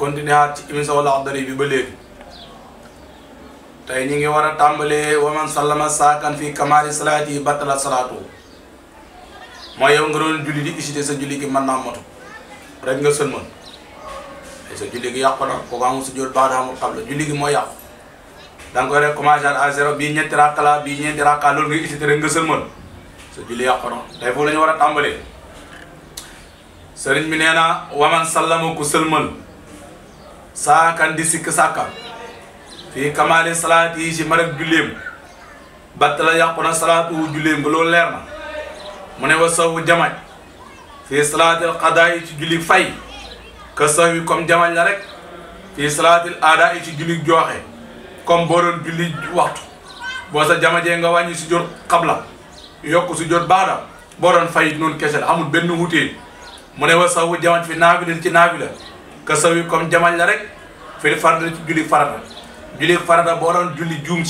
continuer aat ci émission wala axdari bi ba léegi tey ñu ngi war a tàmbalee waman sallama saakan fii kamaali salaati yi battala salaatu mooy yow nga doon julli di usité sa julli gi mën naa motu rek nga sëlman sa julli yàqu na kooku bii ñetti rakka na tey foofu la war a tàmbalee sëriñ bi nee na waman sallama ku sëlman saakan di sikk sàkka fii kamaali salaat yi ci marag julleem battala yàqu na salaatu julleem ba loolu leer na mu ne wa sawu jamaj fii salaatil qadaa yi ci julli fay ka saw yi comme la rek fii salaatil aada ci julli jooxe comme boo doon waxtu boo sa jamajee nga wàññi si jot xabla yokk si jot baada boo doon fay noonu kese la amul benn wutee mu ne wa sawu jamaj fi naafila ci naafila ka saw yi jamañ la rek fii farata ci julli farata julli farata boo doon julli juum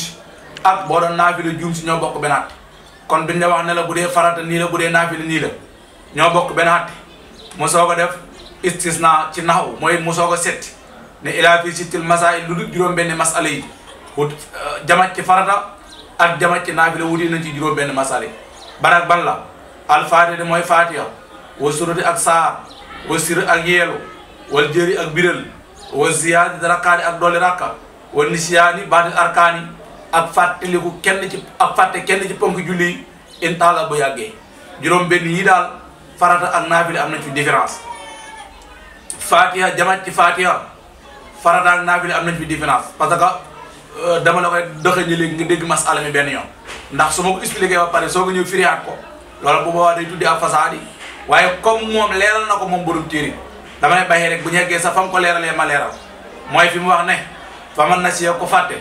ak boo doon naafila juum ñoo bokk benn kon duñ la wax bu dee farata nii la bu dee naafila nii la ñoo bokk benn at mu soog a def istisna ci naxaw mooy mu soog a setti ne ilaa fii sittil masaa'il lu dul juróom-benn masala euh, jamaat ci farata ak jamaat ci naafila wuti nañ ci juróom-benn masala yi ban ak ban la mooy faatiha wa surati ak saar wa ak yeelu wal jëri ak biral wa ziyaadi rakkaani ak dooli rakka wa nisyaani baati arkaani ak fàttaliku kenn ci ak fàtte kenn ci ponk julli intaala bu yàggee juróom benn yi daal farata ak naafile am nañ ci différence fatiha jamaat ci fatiha farata ak naafile am nañ fi différence parce que euh, dama la koy doxe ñu léegi nga dégg masala mi benn yoon ndax su ma ko expliqué ba pare soo ko ñëw firiyaat ko loolu bu boobaa day tuddi ak fasaadi waaye comme moom leeral na ko moom borom dama ne bàyyi bu ñu sa sax fa ma leeral mooy fi mu wax ne fa man na ko fàtte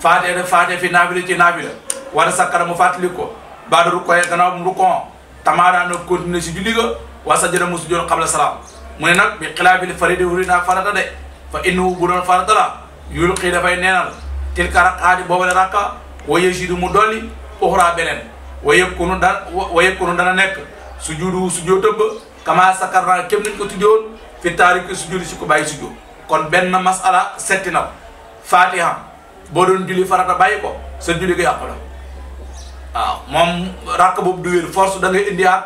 faatee de faatee fi naafila ci naafila wala sakkara mu fàttali ko baada rukkoo gannaaw mu rukkoo tamaadaan na continuer si julli ga wa sajada mu sujjoon qabla salaam mu ne nag bi xilaabil faridi wuri naa farata de fa innu bu doon farata yul xii dafay neenal tilka raqaati boobale rakka wa yasidu mu dolli uxraa beneen wa yëkkunu daan wa yëkkunu dana nekk sujuudu sujoo tëbb kama sakkarnaa képp nañ ko fi taariki sujudi ci ko bàyyi kon benn masala setti na fatiham. fatiha boo doon julli farata bàyyi ko sa julli ko yàqu la du force da ngay indiwaat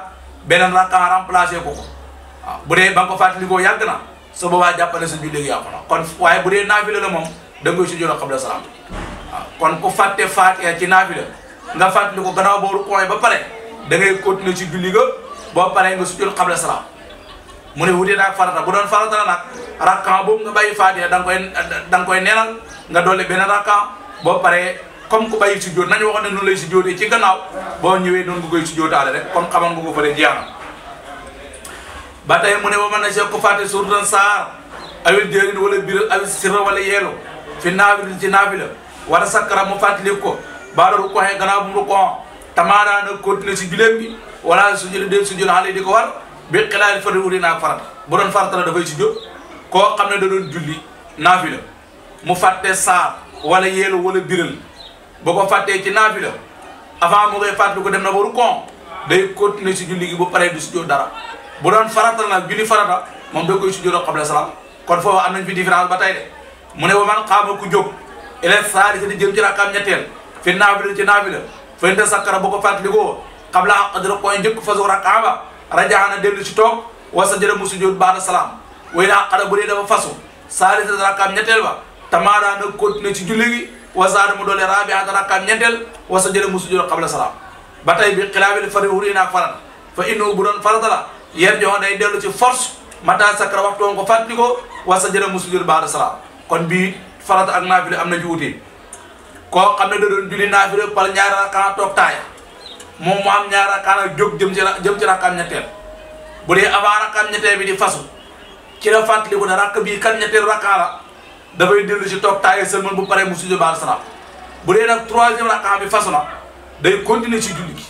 beneen rakk en remplacé ko ko waaw bu dee ba nga ko fàttalikoo yàgg na sa sa julli na kon waaye bu dee naafila la moom da nga koy qabla kon ku fàtte fatiha ci naafila nga fàttali ko gannaaw boobu rukkoo ba pare da ngay continuer ci julli ga nga qabla mu ne wutee daak farata bu doon farata la nag rakka boobu nga bàyyi faatiha da nga koy da nga koy nenal nga dolli benn rakka boo paree comme ku bàyyi sujjóot nañu waxoon ne noonu lay sujjóotee ci gannaaw boo ñëwee noonu nga koy sujjóotaale rek kon xaman nga ko fële jeex na ba tey mu ne wa mën na seet ku fàtte suurtan saar awil jërin wala biir awil sirra wala yeelu fi naafil ci naafi la wala sakkara mu fàttali ko baada ru koxee gannaaw bu mu ru ko tamaanaa nag continuer si juleem bi wala sujjóot del sujjóot xale di ko war bi xilaali fari wuti naak farata bu doon farata la dafay si jóg koo xam ne da doon julli naafila mu fàtte saar wala yeelu wala biral ba ko fàttee ci naafila avant mu ngay fàttali ko dem na baru kon day continuer si julli gi bu paree du si jóg dara bu doon farata la nag julli farata moom da koy si jóg qabla salaam kon foofu am nañ fi différence ba tey de mu ne wa man xaama ku jóg ila saari si di jëm ci rakkaam ñetteel fi naafila ci naafila fente sakkara ba ko fàttali ko qabla aqdra koy njëkk fasu rakkaaba rajaana dellu si toog wa sajada mu sujjóot baada salaam way naa bu dee dafa fasu saalisata rakkaam ñetteel ba tamaada na continuer ci julli gi wa zaada mu a raabiata rakkaam ñetteel wa sajada mu sujjóot qabla salaam ba tey bi xilaabil fari wuri naak farata fa innahu bu doon farata la yer dellu ci force mata sakra waxtu woon ko fàttali ko wa sajada mu sujjóot baada kon bii farata ak naafile am na ci koo xam ne da julli naafile moom mu am ñaar rakkaan jóg jëm ci jëm a rakkaan ñetteel bu dee avant rakkaan ñetteel bi di fasu ci la fàttaliku ne rakk bii kan ñetteel rakkaan la dafay dellu si toog taayee sëlmal bu paree mu sujjo baal salaam bu dee nag troisième rakkaan bi fasu na day continuer si julli gi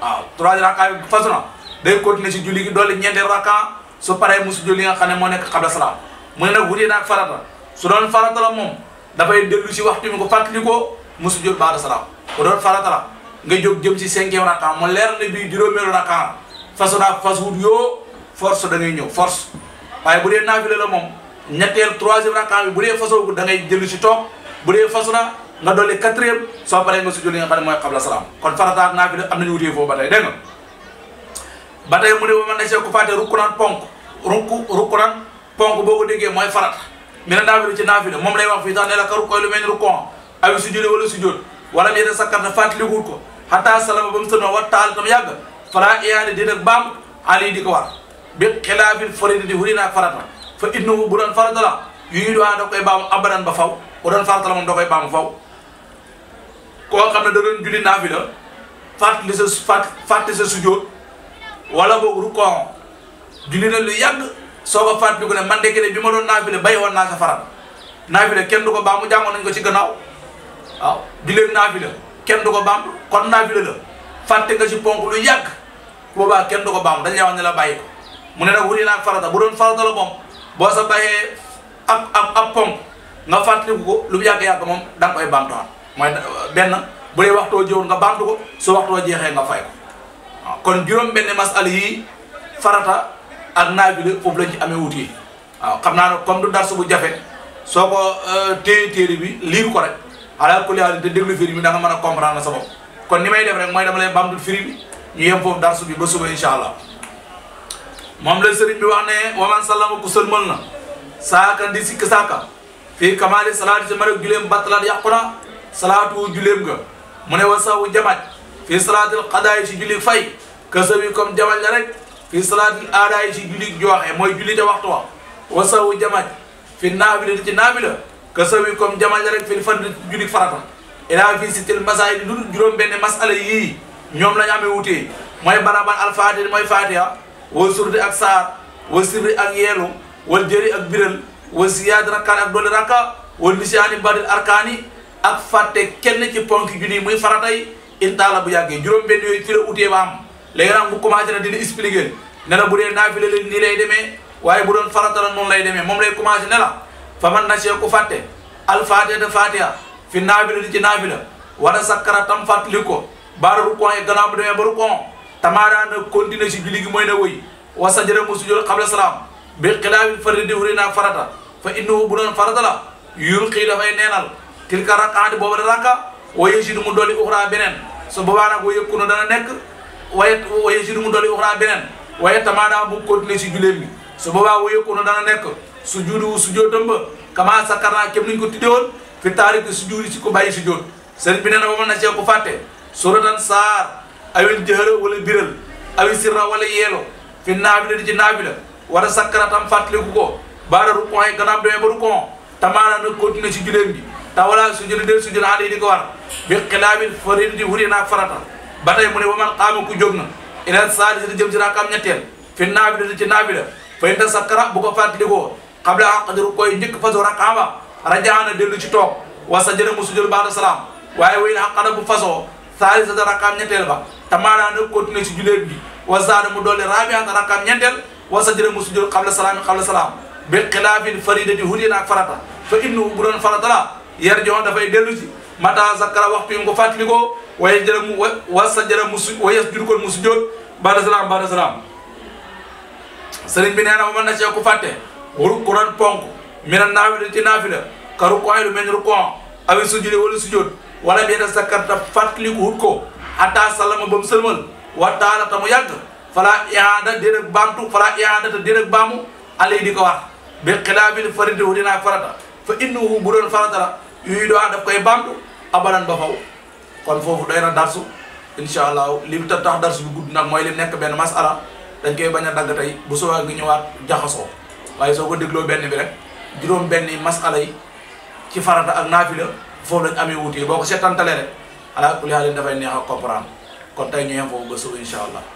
waaw troisième rakkaan bi fasu na day continuer si julli gi dolli ñeenteel rakkaan su nga xam ne moo nekk xabla salaam mu ne nag wutee naag farata su doon farata la moom dafay dellu si waxtu mi ko fàttalikoo mu sujjo baal salaam bu doon farata la nga jóg jëm ci cinquième raka mu leer ne bi juróomeelu raka fasu daa fas wut force da ngay ñëw force waaye bu dee naafile la moom ñetteel troisième raka bi bu dee fasoo da ngay jël ci toog bu dee fasu na nga dolli quatrième soo paree nga su julli nga xam ne mooy xabla kon farata ak naafile am nañu wutee foofu ba tey dégg nga ba tey mu ne ba man dasee ko ponk ruku rukkunan ponk boo ko déggee farata mi ne naafile ci naafile moom lay wax fii tax la ka rukkoy lu mel ni rukkon awi wala su wala mi da sakkarta fàttaliwul ko xataa salama ba mu sëlma wa taal tam yàgg fala iyaane di nag baam ali di ko war bi xilaafil farida di huri naak farata fa innahu bu doon farata la yu ñu doon da koy baamu abadan ba faw bu doon farata la moom da koy baamu faw koo xam ne da doon julli naafi la fàttali sa fàtt fàtte sa sujjóot wala boog rukoo julli na lu yàgg soo ko fàttali ko ne man de kene bi ma doon naafi la bay woon naa sa farata naafi kenn du ko baamu jàngoon nañ ko ci gannaaw waaw kenn du ko baam kon naafila la fàtte nga ci ponk lu yàgg bu boobaa kenn du ko baam da lay wax ne la ko mu ne nag wuri naag farata bu doon farata la moom boo sa bàyyee ab ab ab ponk nga fàttaliku ko lu yàgg-yàgg moom da nga koy baamtuwaat mooy euh, benn bu dee waxtoo jëwoon nga baamtu ko su waxtoo jeexee nga fay ko kon juróom-benn masal yi farata ak naafila foofu la ci amee wuti waaw xam naa ne comme du darsu bu jafe soo ko euh, téye téere bi liir ko rek ala kulli haal te déglu firi bi da nga mën a comprendre sa kon ni may def rek mooy dama leen bamtul firi bi ñu yem foofu darsu ba suba incha allah moom la sëriñ wax ne waman sallama ku sëlmal na saaka di sikk saaka fii kamaali salaati sa marek juleem battalaat yàqu na salaatu juleem nga mu ne wa sawu jamaaj fii salaatil xadaay si julli fay kësa bi comme jamaaj rek fii salaatil aadaay si julli jooxe mooy julli te waxtu wa wa sawu jamaaj fi naafila ci naafila que sawi comme jamal rek fil fardi julli farata ilaa fii sittil masaay lu dul juróom benn masala yii ñoom lañu amee wutee mooy baraban alfaati mooy fatiha wal surdi ak saar wal sirri ak yeelu wal jëri ak biral wal siyaad rakkaan ak doole rakka wal nisiyaani badil arkaani ak fàtte kenn ci ponk junni muy faratay intaala bu yàggee juróom benn yooyu fi la utee ba am léegi nag bu commencé na dina expliquer ne la bu dee naafila la nii lay demee waaye bu doon farata la noonu lay demee moom lay commencé ne la fa man na see ku fàtte alfaatiha de faatiha fi naafila di ci naafila wala sakkara tam fàttali ko baara rukon yi gannaaw ba rukon tamaaraan na continuer si julli gi mooy na wëy wa sajada mu sujjool xabla salaam bi xilaafi fardi di wuri naa farata fa innahu bu doon farata la yulqii dafay neenal tilka rakaati boobu da rakka wa yasidu mu dolli uxraa beneen su boobaa nag wa yëkkunu dana nekk waye wa yasidu mu dolli uxraa beneen waaye tamaaraan bu continuer si julleem su juudu su jootam ba kama sakkarnaa képp nuñ ko tuddee woon fi taariki su juudi si ko bàyyi su joot sëriñ bi nee na ba mën na cee ko fàtte suratan saar awil jëhëra wala biral awi sirra wala yeelo fi naabila di ci naabila war a sakkaratam fàttaliku ko baara rukon yi gannaaw demee ba rukon tamaana nag continuer si juleem bi te wala su jëlee dee su jëlee ànd yi di ko war bi xilaabil farid di wuri naag farata ba tey mu ne ba man xaama ku jóg na ilal saalisati jëm si di ci naabila fa inta sakkara ko fàttalikoo xabla àqdi rukkoo yi njëkk faso rakkaa ba rajaana dellu ci toog wa sajada mu sujjal baada salaam waaye wayn àqada bu fasoo saalisata rakkaam ñetteel ba tamaanaa nag continuer ci juleet bi wa zaada mu doole raabiata wa sajada mu sujjal xabla salaam xabla salaam bi xilaafin faridati hudien ak farata fa innu bu doon farata la yarjoon dafay dellu ci mata zakara waxtu yi nga ko fàttalikoo waye wa wa sa jërë mu su waye jur kon mu sujjoot baada salaam baada bi nee na ma mën na cee ko fàtte wuru ko doon ponk mina naafila ci naafila ka rukoy lu mel ni rukon awi sujudi wala sujud wala bi da sakkarta fàttaliku hut ko hatta salama ba mu sëlmal wa taala ta mu yàgg fala iada déet ak baamtu fala iada ta déet ak ba faw kon foofu doy na darsu incha allah li mu tax darsu bi gudd nag mooy li nekk benn masala dañ koy bañ a dagg tey bu soobee gi ñëwaat jaxasoo waaye soo ko dégloo benn bi rek juróom benn masala yi ci farata ak naafila foofu lañ amee wuute boo ko seetantalee rek ala kulli haal dafay neex ak comprendre kon tey ñu yem foofu ba suba incha allah